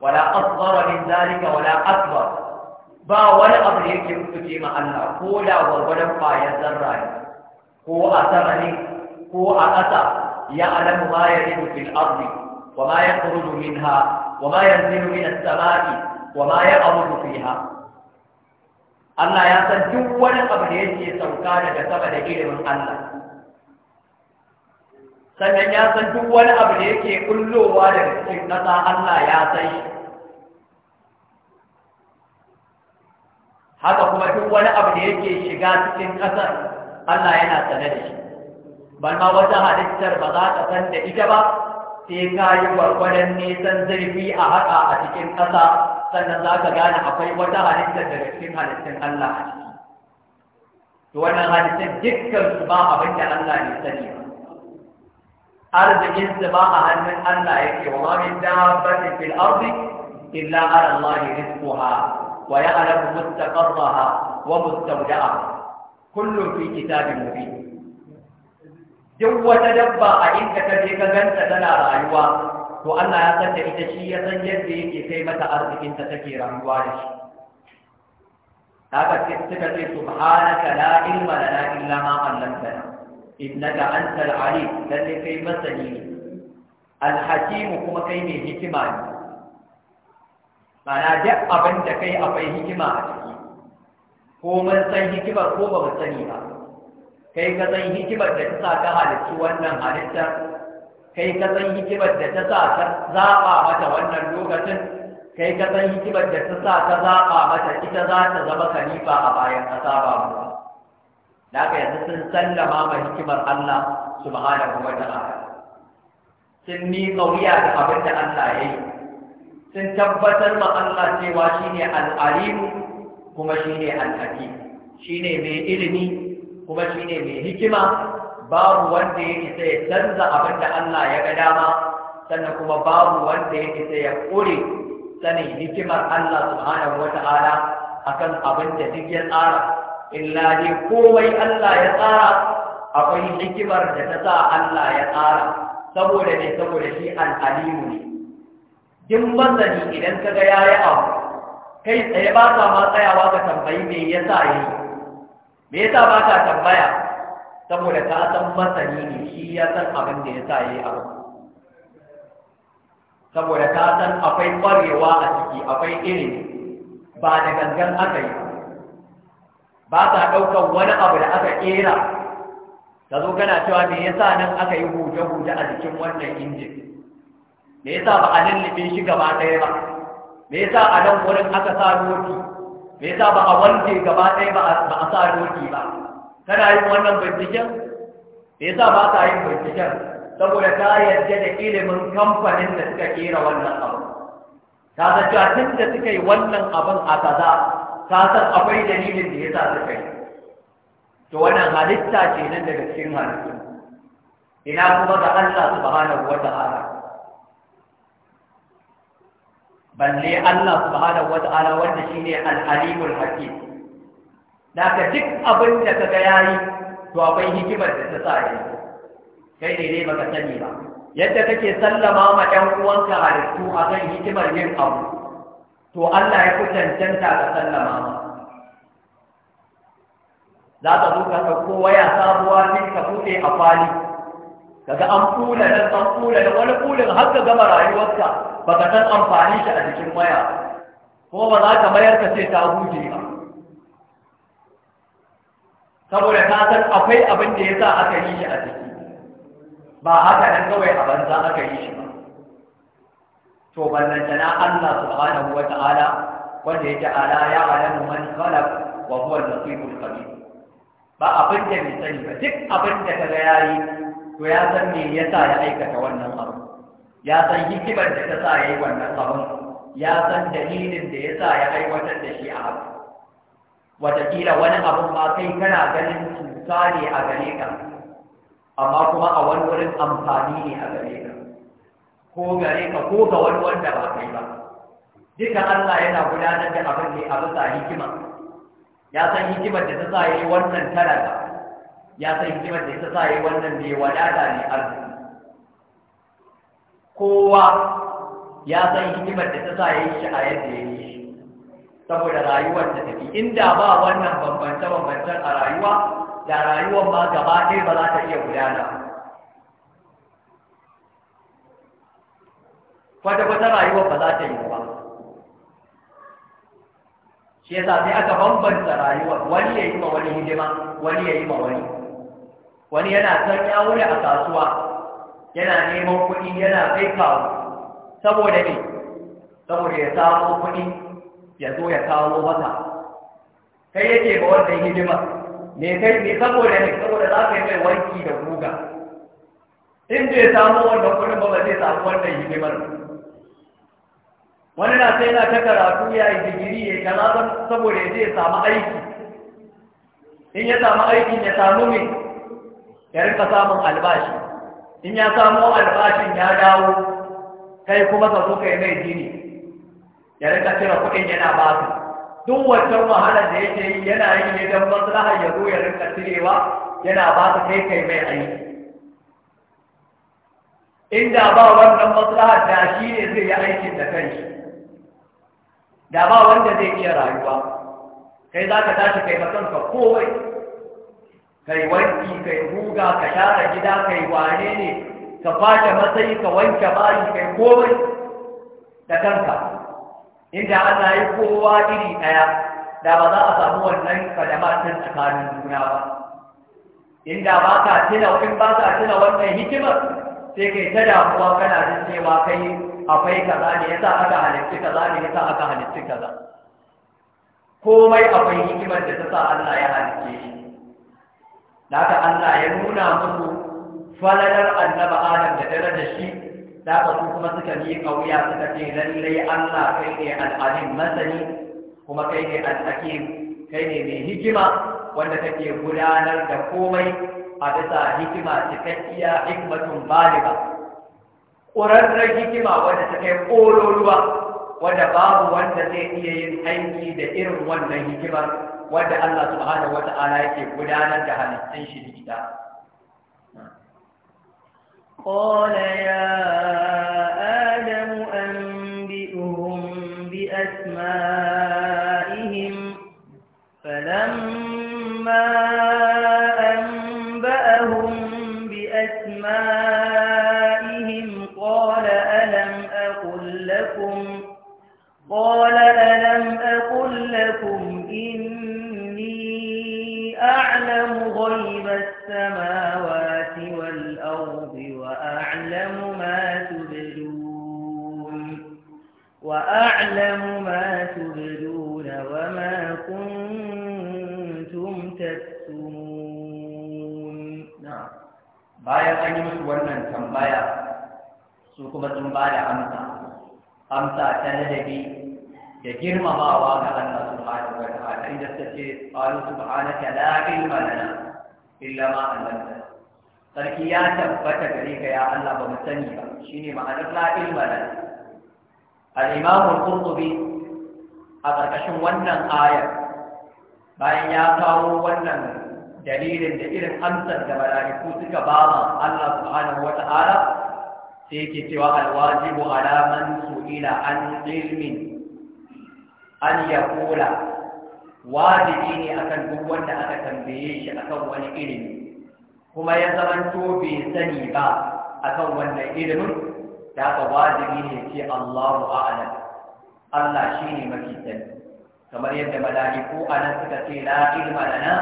ولا أصغر من ذلك ولا أكبر با ولا أبو يكي كوكتي ما الله كولا ولا قاية ذرة هو أثرني هو أثر يعلم ما يلد في الأرض وما يخرج منها وما ينزل من السماء wa ma ya abu fiha Allah ya san duk wani abu da yake sauka daga sama da ilimin Allah sannan ya san duk wani abu da yake kullowa daga cikin ƙasa Allah ya san shi haka kuma duk wani abu da yake shiga cikin ƙasar Allah yana sane da shi ban ma wata halittar ba za ka san da ita ba sai ka yi gwargwadon nisan zurfi a haka a cikin ƙasa sannan za ka gane akwai wata halittar daga cikin halittun Allah a ciki to wannan halittar dukkan su ba abin da Allah ne sani ba arzikin su ba a hannun Allah yake wa ma min dabbatin fil ardi illa ala Allah rizquha wa ya'lamu mustaqarraha wa mustawda'aha kullun fi kitabin mubin duk wata dabba a inda ka je ka ganta tana rayuwa to Allah ya san da ita shi ya san yadda yake kai mata arzikin ta take rayuwa da shi haka suka ce subhanaka la ilma lana illa ma 'allamtana innaka antal alim lalle kai masani ne alhakimu kuma kai mai hikima ne mana duk abin da kai akwai hikima a ciki ko mun san hikimar ko ba mu sani ba kai ka san hikimar da ta sa ka halittu wannan halittar kai ka san hikimar da ta sa ta zaɓa mata wannan lokacin kai ka san hikimar da ta sa ta zaɓa mata ita za ta zama kalifa a bayan ƙasa ba mu da aka yanzu sun sallama ma hikimar Allah subhanahu wa ta'ala sun ni kauya da abin da Allah ya yi sun tabbatar ma Allah cewa shine ne alimu kuma shine al shine mai ilimi kuma shine mai hikima babu wanda ya isa ya canza abin da Allah ya ga dama sannan kuma babu wanda ya isa ya ƙure sani, hikimar Allah subhanahu wata'ala akan abin da duk ya tsara illa dai komai Allah ya tsara akwai hikimar da ta sa Allah ya tsara saboda ne saboda shi al'alimu ne duk masani idan ka ga yayi abu kai tsaye ba ka ma tsayawa ka tambayi me yasa yi me yasa ba ka tambaya saboda ta san masani ne shi ya san abin da ya sa ya yi abu saboda ta san akwai ƙwarewa a ciki akwai ilimi ba da gangan aka yi ba ta ɗaukar wani abu da aka ƙera ta zo gana cewa me yasa nan aka yi huje-huje a jikin wannan injin me yasa ba a lullube shi gaba ɗaya ba me yasa a nan wurin aka sa roti me yasa ba a wanke gaba ɗaya ba a sa roki ba kana yin wannan binciken me yasa ba ka yin binciken saboda ta yarda da ilimin kamfanin da suka kera wannan abu Ta san tun da suka yi wannan abin a kaza ta san akwai dalilin da yasa suka yi to wannan halitta ce nan daga cikin halittu ina kuma ga Allah subhanahu wa ta'ala balle Allah subhanahu wa ta'ala wanda shine al-alimul hakim daga duk abin da ka ga yayi to akwai hikimar da ta sa yi kai ne dai baka sani ba yadda kake sallama ma ɗan uwanka halittu a kan hikimar yin abu to Allah ya kusancanta ka sallama ma za ka zo ka ɗauko waya sabuwa sai ka buɗe a fali kaga an kula da an kula da wani kulin har ka gama rayuwarka baka san amfani shi a jikin waya ko ba za ka mayar ka sai ta huje ba saboda ta san akwai abin da ya sa aka yi shi a ciki ba haka nan kawai a banza aka yi shi ba to na Allah subhanahu wa ta'ala wanda yake ala ya alamu man khalaq wa huwa al-latiful khabir ba abin da bai sani ba duk abin da ga yayi to ya san me yasa ya aikata wannan abu ya san hikimar da ta sa yayi wannan abu ya san dalilin da yasa ya aiwatar da shi a haka watakila wani abin ma kai kana ganin cuta ne a gare ka amma kuma a wani wurin amfani ne a gare ka ko gare ka ko ga wani wanda ba kai ba duka Allah yana gudanar da abin ne a bisa hikima ya san hikimar da ta sa yi wannan talaka ya san hikimar da ta sa yi wannan ne wadata ne arziki kowa ya san hikimar da ta sa yi shi a yadda ya yi shi saboda rayuwar ta tafi inda ba wannan bambance-bambancen a rayuwa da rayuwar ma gaba ɗaya ba za ta iya gudana kwata-kwata rayuwar ba za ta yi ba shi yasa sai aka bambanta rayuwar wani ya yi ma wani hidima wani ya yi ma wani wani yana son ya wuri a kasuwa yana neman kuɗi yana kai kawo saboda ne saboda ya samu kuɗi ya zo ya kawo mata kai yake ba wannan hidima me kai me saboda ne saboda za ka yi mai wanki da guga in bai samu wannan kuɗin ba ba zai samu wannan hidimar wani na sai na ta karatu ya yi digiri ya kaza saboda ya zai ya samu aiki in ya samu aikin ya samu me ya rika samun albashi in ya samu albashin ya dawo kai kuma ka zo kai mai jini ya rika cire kuɗin yana ba su duk wancan wahalar da yake yi yana yi ne don maslaha ya zo ya rika cirewa yana ba su kai kai mai aiki inda ba wannan maslaha da shi ne zai yi aikin da kanshi da ba wanda zai iya rayuwa kai za ka tashi kai makanka kowai kai wanki kai guga ka share gida kai wane ne ka fashe matsayi ka wanke bayi kai komai da kanka inda Allah ya kowa iri ɗaya da ba za a samu wannan fadama ta tsakanin juna ba inda ba ka tuna in ba ka tuna wannan hikimar sai kai ta damuwa kana jin cewa kai akwai kaza ne yasa aka halitta kaza ne yasa aka halitta kaza komai akwai hikimar da ta sa Allah ya halitta shi da Allah ya nuna musu falalar annaba Adam da da shi da ka su kuma suka yi kauya suka ce lallai Allah kai ne al'alim masani kuma kai ne al'akim kai ne mai hikima wanda kake gudanar da komai a bisa hikima cikakkiya hikmatun baliba ƙurarren hikima wanda ta kai ƙololuwa wanda babu wanda zai iya yin aiki da irin wannan hikimar wanda Allah subhanahu wata'ala yake gudanar da halittun shi da قال يا أعلم ما تبدون وما كنتم تكتمون نعم بايا أني مسورنا كم بايا سوكما تنبالي أمسا أمسا تنهدي يجرم ما واضح الله سبحانه وتعالى عند السجد قالوا سبحانك لا علم لنا إلا ما علمنا تركيا تبتك لك يا الله بمسنية شيني ما علمنا علم لنا الإمام a ƙarƙashin wannan ayar bayan ya kawo wannan dalilin da irin amsar da malaiku suka ba ma Allah subhanahu wa ta'ala sai ke cewa alwajibu alaman su su'ila an ilmin an wajibi ne akan duk wanda aka tambaye shi akan wani ilimi kuma ya zamanto bai sani ba akan wannan ilimin da haka wajibi ne ce Allahu a'lam Allah shine mafi sani kamar yadda mala'iku anan suka ce la ilma lana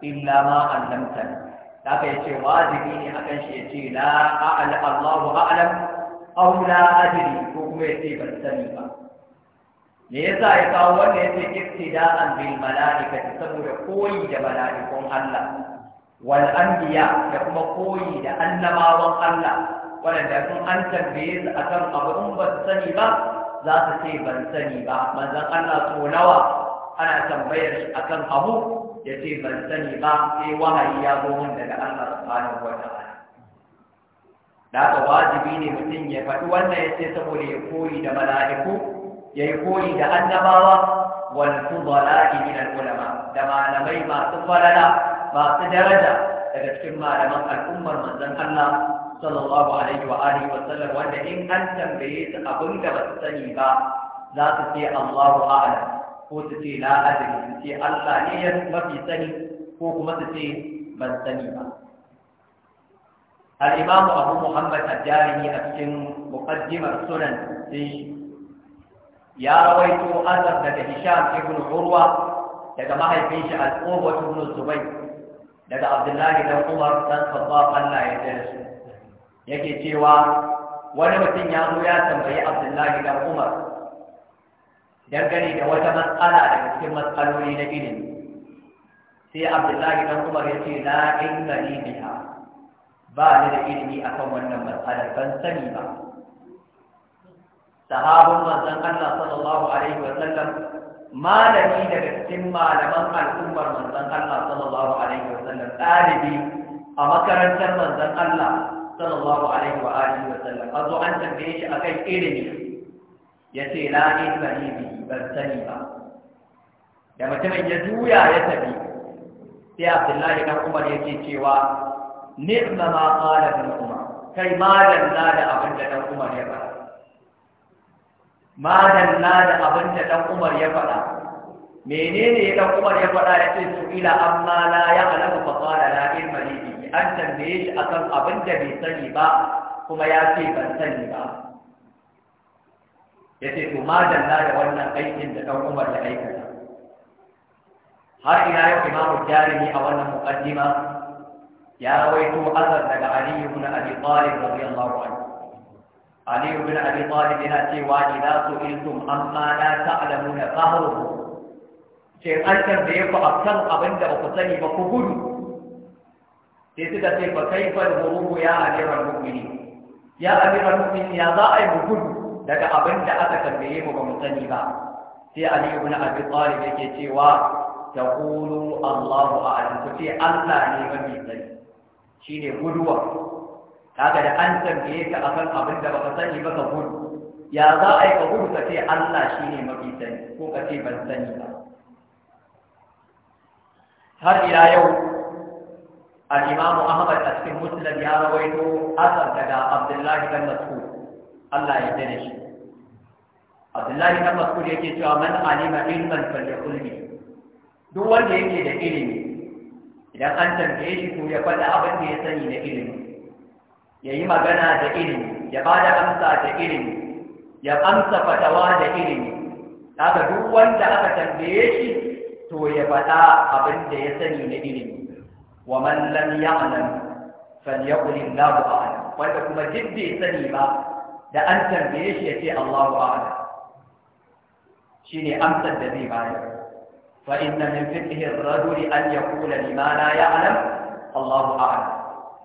illa ma 'allamtana da ka yace wajibi ne akan shi yace la a'lam Allahu a'lam aw la adri ko kuma yace ban sani ba me yasa ya kawo wanda yace iktida'an bil mala'ikati saboda koyi da mala'ikun Allah wal anbiya da kuma koyi da annabawan Allah waɗanda sun an tambaye su akan abu in ba su sani ba za su ce ban sani ba manzon Allah so nawa ana tambayar shi akan abu ya ce ban sani ba sai wahayi ya zo min daga Allah subhanahu wa ta'ala da haka wajibi ne mutum ya faɗi wannan ya ce saboda ya koyi da mala'iku ya yi koyi da annabawa wal fudala'i min ulama da malamai masu falala masu daraja daga cikin malaman al'ummar manzon Allah sallallahu alaihi wa alihi wa sallam wanda in an tambaye su abin da ba su sani ba za su ce Allahu a'lam ko su ce la adri su ce Allah ne ya mafi sani ko kuma su ce ban sani ba al-imam Abu Muhammad ad-Darimi a cikin muqaddimar sunan sai ya rawaito azab daga Hisham ibn Urwa daga mahaifin shi al-Qurwa ibn Zubayr daga Abdullahi dan Umar dan Khattab Allah ya yarda yake cewa wani mutum ya zo ya tambayi abdullahi dan umar dangane da wata matsala daga cikin matsaloli na ilimi sai abdullahi dan umar ya ce na ilma li biha ba ni da ilimi akan wannan matsalar ban sani ba sahabun manzon Allah sallallahu alaihi wa sallam malami daga cikin malaman al'ummar manzon Allah sallallahu alaihi wa sallam ɗalibi a makarantar manzon Allah sallallahu alaihi wa alihi wa sallam azo an tambaye shi akan ilimi yace la ilma li bi ban sani ba da mutumin ya juya ya tafi sai Abdullahi dan Umar yake cewa ni'ma ma qala ibn Umar kai ma dalla da abin da dan Umar ya faɗa ma dalla da abin da dan Umar ya faɗa menene ya dan Umar ya faɗa yace su ila amma la ya'lamu fa qala la ilma li an tambaye shi akan abin da bai sani ba kuma ya ce ban sani ba ya ce to madalla da wannan aikin da ɗan umar da aikata har ina yau imamu jarumi a wannan muqaddima ya rawaito asar daga ali ibn abi talib radiyallahu anhu ali ibn abi talib yana cewa idza su'iltum amma la ta'lamuna fahru sai an tambaye ku akan abin da ba ku sani ba ku gudu sai suka ce fa kai fa hurubu ya amiral mu'mini ya amiral mu'mini ya za a yi mu daga abin da aka tambaye mu ba mu sani ba sai ali ibn abi talib yake cewa taqulu allahu a'lam ku ce allah ne mafi sani shine guduwa kaga da an tambaye ka akan abin da baka sani ba ka gudu ya za a yi ka gudu ka ce Allah shi ne mafi sani ko ka ce ban sani ba har ila yau al-imamu ahmad a cikin musulun ya rawaito asar daga abdullahi ɗan maskul allah ya dane shi abdullahi ɗan maskul yake cewa man alima ilman falyakul ne duk wanda yake da ilimi idan an tambaye shi to ya faɗa abin da ya sani da ilimi ya yi magana da ilimi ya ba da amsa da ilimi ya amsa fatawa da ilimi haka duk wanda aka tambaye shi to ya faɗa abin da ya sani na ilimi ومن لم يعلم فليقل الله اعلم وإذا كما جدي سليمة لأنت بيش يتي الله أعلم شيني أمسى الذي معي فإن من فتح الرجل أن يقول لما لا يعلم الله أعلم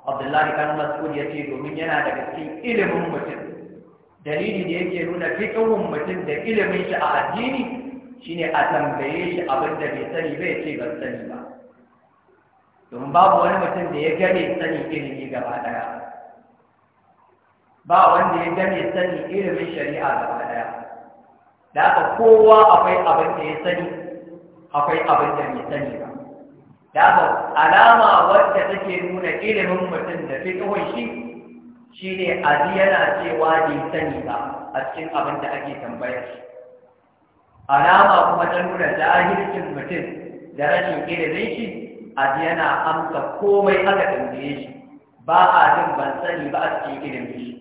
عبد الله كان مسؤول يتيه من ينا لكي إلم أمتن دليل يجي لنا فتح أمتن دا إلم إيش أعجيني شيني أتم بيش أبدا بيسني بيتي بالسليمة domin babu wani mutum da ya gane sani ilimi gaba daya ba wanda ya gane sani ilimin shari'a gaba daya da aka kowa akwai abin da ya sani akwai abin da bai sani ba da aka alama wadda take nuna ilimin mutum da fi kawai shi ne aji yana cewa bai sani ba a cikin abin da ake tambayar shi alama kuma ta nuna jahilcin mutum da rashin ilimin shi a yana amsa komai aka tambaye shi ba a jin ban sani ba a cikin ilimi shi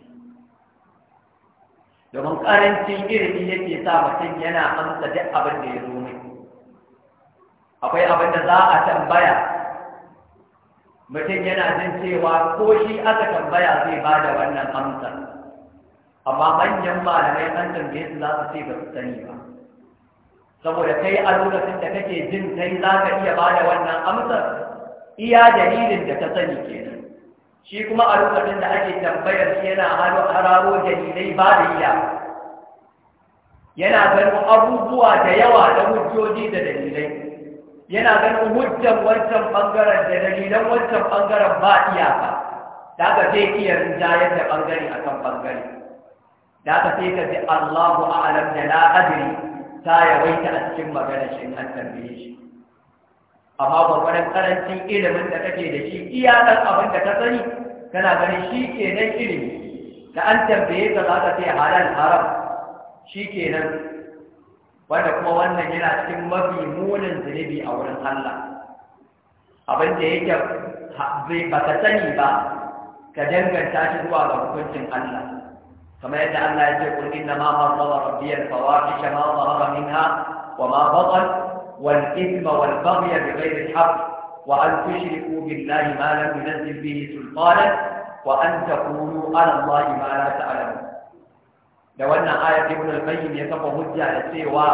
domin karancin ilimi yake sa mutum yana amsa duk abin da ya zo mai akwai abin da za a tambaya mutum yana jin cewa ko shi aka tambaya zai ba da wannan amsa amma manyan malamai an tambaye su za su ce ba su sani ba saboda kai a lokacin da kake jin kai za ka iya ba da wannan amsar iya dalilin da ka sani kenan shi kuma a lokacin da ake tambayar shi yana hararo dalilai ba da iya yana ganin abubuwa da yawa da hujjoji da dalilai yana ganin hujjan wancan bangaren da dalilan wancan bangaren ba iyaka da ka zai iya rinjayar da bangare akan bangare da ka sai ka ji allahu Alam da la adri ta yawaita a cikin magana shi an tambaye shi amma babban karancin ilimin da kake da shi iyakar abin da ka sani kana ganin shi nan ilimi da an tambaye ka za ka ce halal haram shi nan. wanda kuma wannan yana cikin mafi munin zunubi a wurin Allah abin da yake bai baka sani ba ka danganta shi zuwa ga hukuncin Allah كما يدعى الله يقول إنما حرم ربي الفواحش ما ظهر منها وما بطن والإثم والبغي بغير الحق وأن تشركوا بالله ما لم ينزل به سلطانا وأن تقولوا على الله ما لا تعلمون da wannan ayat ibn al-qayyim ya kafa hujja da cewa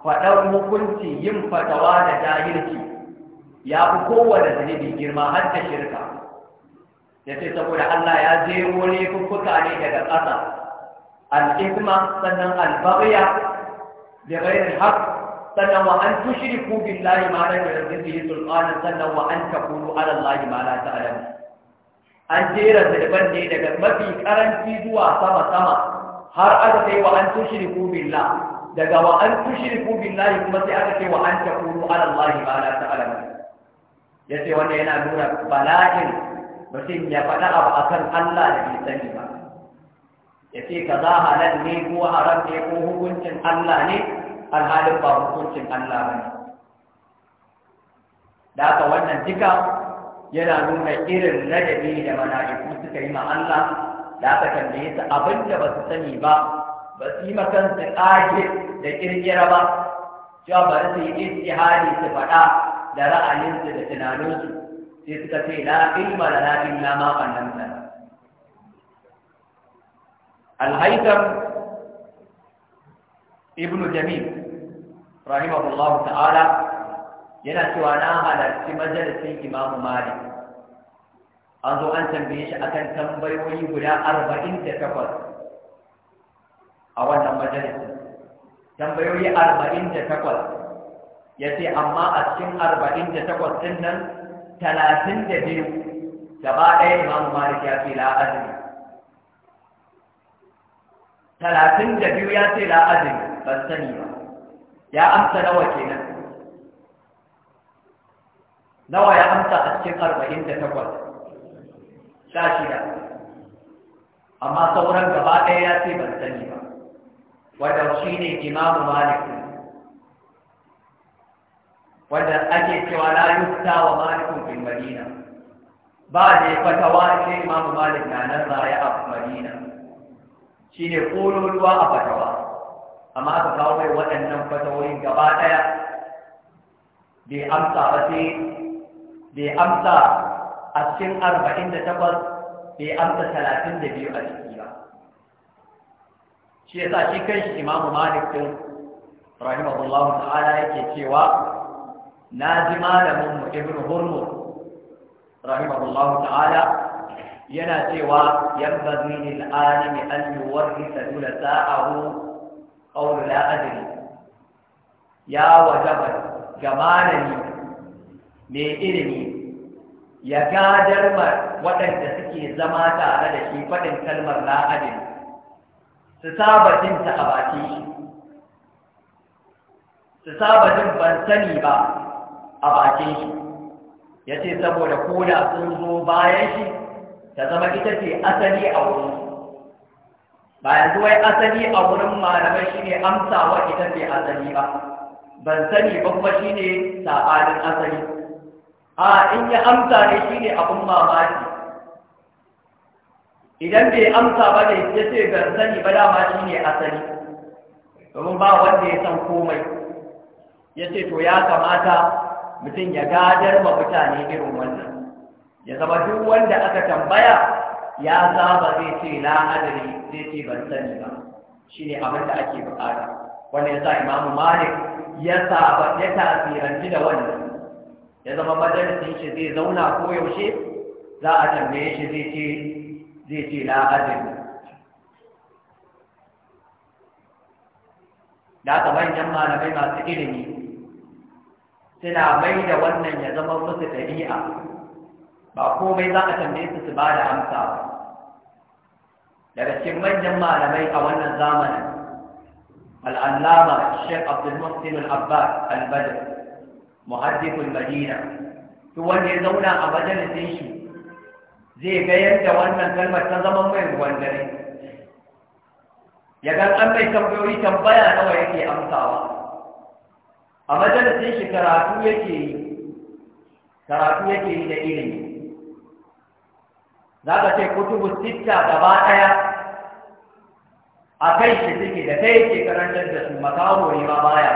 faɗar hukunci yin fatawa da jahilci ya fi kowane zunubi girma har da shirka ya ce saboda Allah ya jero ne kuka ne daga ƙasa al-ikma sannan al-baghiya bi ghairi al-haq sannan wa an tushriku billahi ma la yurdi bihi sultana sannan wa an taqulu ala Allahi ma la ta'lamu an jera zulban ne daga mafi karanci zuwa sama sama har aka kai wa an tushriku billahi daga wa an tushriku billahi kuma sai aka kai wa an taqulu ala Allahi ma la ta'lamu yace wannan yana nuna bala'in mutum ya faɗa abu kan Allah da bai sani ba ya ce ka za ne ko haram ne ko hukuncin Allah ne alhalin ba hukuncin Allah ba ne da aka wannan duka yana nuna irin ladabi da mala'iku suka yi ma Allah da aka tambaye su abin da ba su sani ba ba su yi makansu ƙage da ƙirƙira ba cewa ba su yi istihari su faɗa da ra'ayinsu da tunaninsu sai suka ce la ilma lana illa ma allamta al-haytham ibn jamil rahimahullahu ta'ala yana cewa na halarci majalisin imam mali an zo an tambaye shi akan tambayoyi guda arba'in da takwas a wannan majalisin tambayoyi arba'in da takwas ya ce amma a cikin arba'in da takwas ɗin nan ثلاثين دبيو جبا اي امام مالك يا في لا ادري ثلاثين دبيو يا في لا ادري فالسنية يا امسى نوكينا نوى يا امسى اتشقر وين تتقل شاشدا اما صورا جبا اي يا في بالسنية ودوشيني امام مالك wanda ake cewa la yufta wa malikun fil madina ba ne fatawa ce imamu malik na nan raye a madina shine ruwa a fatawa amma aka kawo mai waɗannan fatawoyin gaba ɗaya bai amsa ba sai bai amsa a cikin arba'in da takwas bai amsa talatin da biyu a ciki ba shi yasa shi kan shi imamu malik din rahimahullahu ta'ala yake cewa na ji malamin mu ibn hurmu rahimahullahu ta'ala yana cewa yan lil alimi an yuwarrisa dulata'ahu qawlu la adri ya wajaba ga malami me ilimi ya gadar ma waɗanda suke zama tare da shi faɗin kalmar la'adin su saba jinta a baki shi su saba jin ban sani ba a bakin shi ya ce saboda koda sun zo bayan shi ta zama ita ce asali a wurin bayan zuwai asali a wurin malamai shi ne amsawa ita ce asali ba ban sani ba kuma shi ne saɓanin asali a in ya amsa ne shi ne abin mamaki idan bai amsa ba ne ya ce ban sani ba dama shi ne asali domin ba wanda ya san komai ya ce to ya kamata mutum ya gadar ma mutane irin wannan ya zama duk wanda aka tambaya ya saba zai ce na adari zai ce ban sani ba shi ne abin da ake bukata wanda ya sa imamu malik ya saba ya tasiranci da wannan ya zama majalisin shi zai zauna ko yaushe za a tambaye shi zai ce zai ce na adari da aka manyan malamai masu ilimi suna mai da wannan ya zama musu ɗabi'a ba komai za a tambaye su su ba da amsa ba daga cikin manyan malamai a wannan zamanin al'allama Sheikh abdulmuhsin al'abbas al-badr muhaddifin madina duk wanda ya zauna a majalisin shi zai ga yadda wannan kalmar ta zama mai ruwan dare ya ga an mai tambayoyi tambaya nawa yake amsawa a majalisin shi karatu yake yi karatu yake yi da ilimi za ka ce kutubu sitta gaba ɗaya a kai shi suke da kai yake karantar da su makawo ne ma baya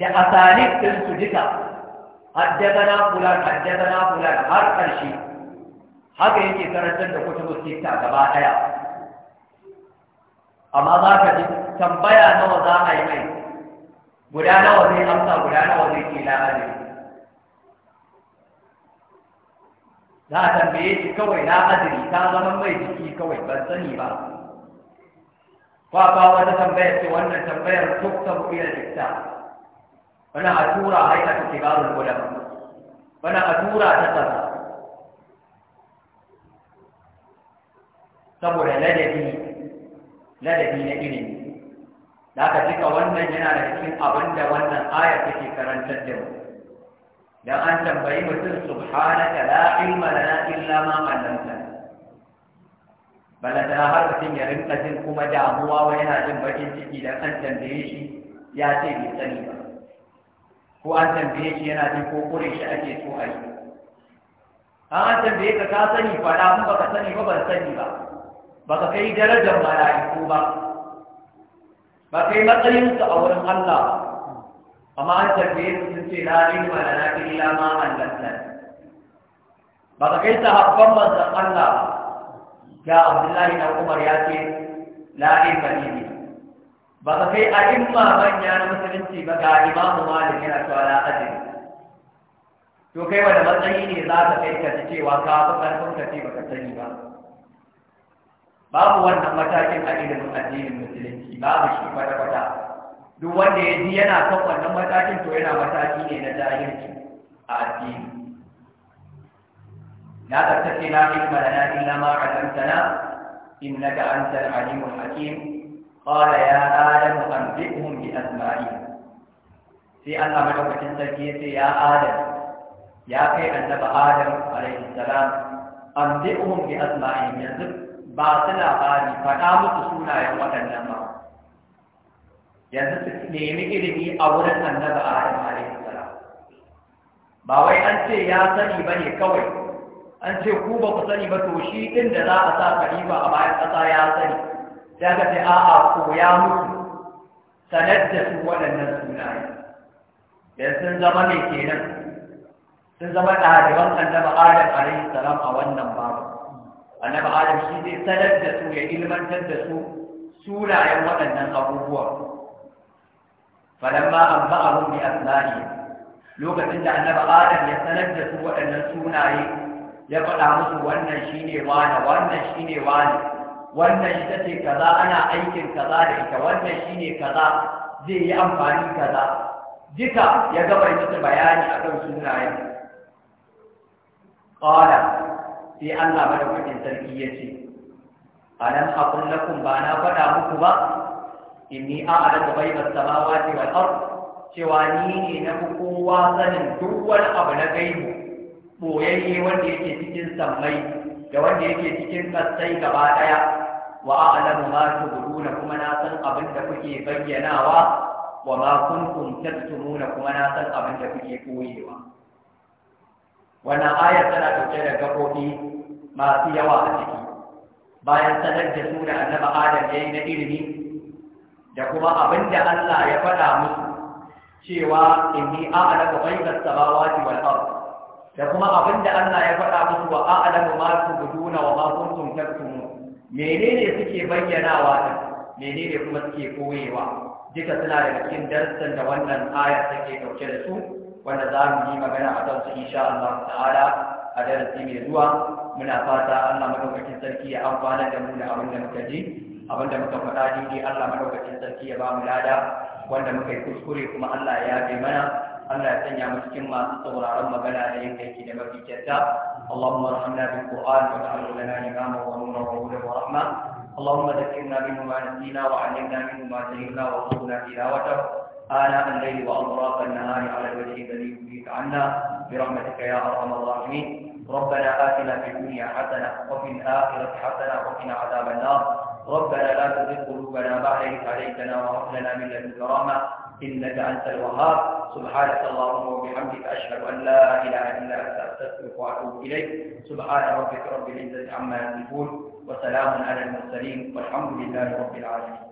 da asalin ɗin su duka haddadana fulan haddadana fulan har ƙarshe haka yake karantar da kutubu sitta gaba ɗaya amma za ka ji tambaya nawa za a yi mai guda nawa zai amsa guda nawa zai ke la'ari za a tambaye shi kawai na azumi ta zama mai jiki kawai ban sani ba kwakwa wata tambayar ce wannan tambayar tukta buɗe jikta wani a tura haika ta kibarun ulama wani a tura ta kaza saboda ladabi ladabi na ilimi da aka cika wannan yana da cikin abin da wannan aya take karantar da mu dan an tambayi mutum subhanaka la ilma lana illa ma 'allamta balantana har mutum ya rinka jin kuma damuwa wa yana jin bakin ciki dan an tambaye shi ya ce bai sani ba ko an tambaye shi yana jin ko kure shi ake so a yi an tambaye ka ka sani faɗa mun baka sani ba ban sani ba baka kai darajar mala'iku ba ba kai matsayinsu a wurin Allah amma an tafiye su sun ce na ni ma na fi ila ma mallakta ba ka kai sahabban manzon Allah ya Abdullahi na Umar ya ce la ilma li ba ka kai a imma manya na musulunci ba ga imamu malik yana cewa la adri to kai wanda matsayi ne za ka kai ka ji cewa ka fi karfin ka ce baka sani ba babu wannan matakin a ilimin addinin musulunci babu shi kwata-kwata duk wanda ya ji yana son wannan matakin to yana mataki ne na jahilci a addini la tattaki na ilma lana illa ma 'allamtana innaka antal alimul hakim qala ya adam anbihum bi asma'ihim sai Allah madaukakin sarki ya ce ya adam ya kai annabi adam alaihi salam anbihum bi asma'ihim yanzu ba su labari faɗa musu sunayen waɗannan ba yanzu su nemi ilimi a wurin annabi Adam alaihi salam ba wai an ce ya sani ba ne kawai an ce ku ba ku sani ba to shi ɗin da za a sa kariba a bayan ƙasa ya sani sai aka ce a'a koya musu sanar da su waɗannan sunayen. yanzu sun zama mai kenan sun zama ɗaliban annabi Adam alaihi salam a wannan babu annabi adam shi zai sanar da su ya ilmantar da su sunayen waɗannan abubuwa falamma anba'ahum bi asma'i lokacin da annabi adam ya sanar da su waɗannan sunaye ya faɗa musu wannan shi ne wani wannan shi ne wani wannan ita ce kaza ana aikin kaza da ita wannan shi ne kaza zai yi amfani kaza duka ya gaba musu bayani akan sunayen qala sai Allah madaukakin sarki ya ce alam aqul lakum ba na faɗa muku ba inni a'lamu ghaibas samawati wal ard cewa ni ne na fi kowa sanin duk wani abu na gaibu boyayye wanda yake cikin sammai da wanda yake cikin kasai gaba ɗaya? wa a'lamu ma tubduna kuma na san abin da kuke bayyanawa wa ma kuntum taktumuna kuma na san abin da kuke koyewa wannan ayar tana ɗauke da gaɓoɓi masu yawa a ciki bayan sanar da su da annaba adam ya yi na ilimi da kuma abin da Allah ya faɗa musu cewa inni a'lamu ghaibas samawati wal ard da kuma abin da Allah ya faɗa musu wa a'lamu ma tubduna wa ma kuntum taktumun menene suke bayyanawa din menene kuma suke koyewa duka suna da cikin darsan da wannan aya take dauke da su wanda za mu yi magana a kansu insha Allah ta'ala a darasi mai zuwa muna fata Allah madaukakin sarki ya amfana da mu da abin da muka ji abin da muka faɗa daidai Allah madaukakin sarki ya ba mu lada wanda muka yi kuskure kuma Allah ya yabe mana Allah ya sanya mu cikin masu sauraron magana da yin aiki da mafi kyauta اللهم ارحمنا بالقرآن واجعله لنا إماما ونورا وهدى ورحمة اللهم ذكرنا منه ما نسينا وعلمنا منه ما جهلنا وارزقنا تلاوته آلاء الليل وأطراف النهار على الوجه الذي يبديك عنا برحمتك يا أرحم الراحمين ربنا آتنا في الدنيا حسنة وفي الآخرة حسنة وقنا عذاب النار ربنا لا تزغ قلوبنا بعد إذ هديتنا وهب لنا من لدنك رحمة إنك أنت الوهاب سبحانك اللهم وبحمدك أشهد أن لا إله إلا أنت أستغفرك وأتوب إليك سبحان ربك رب العزة عما يصفون وسلام على المرسلين والحمد لله رب العالمين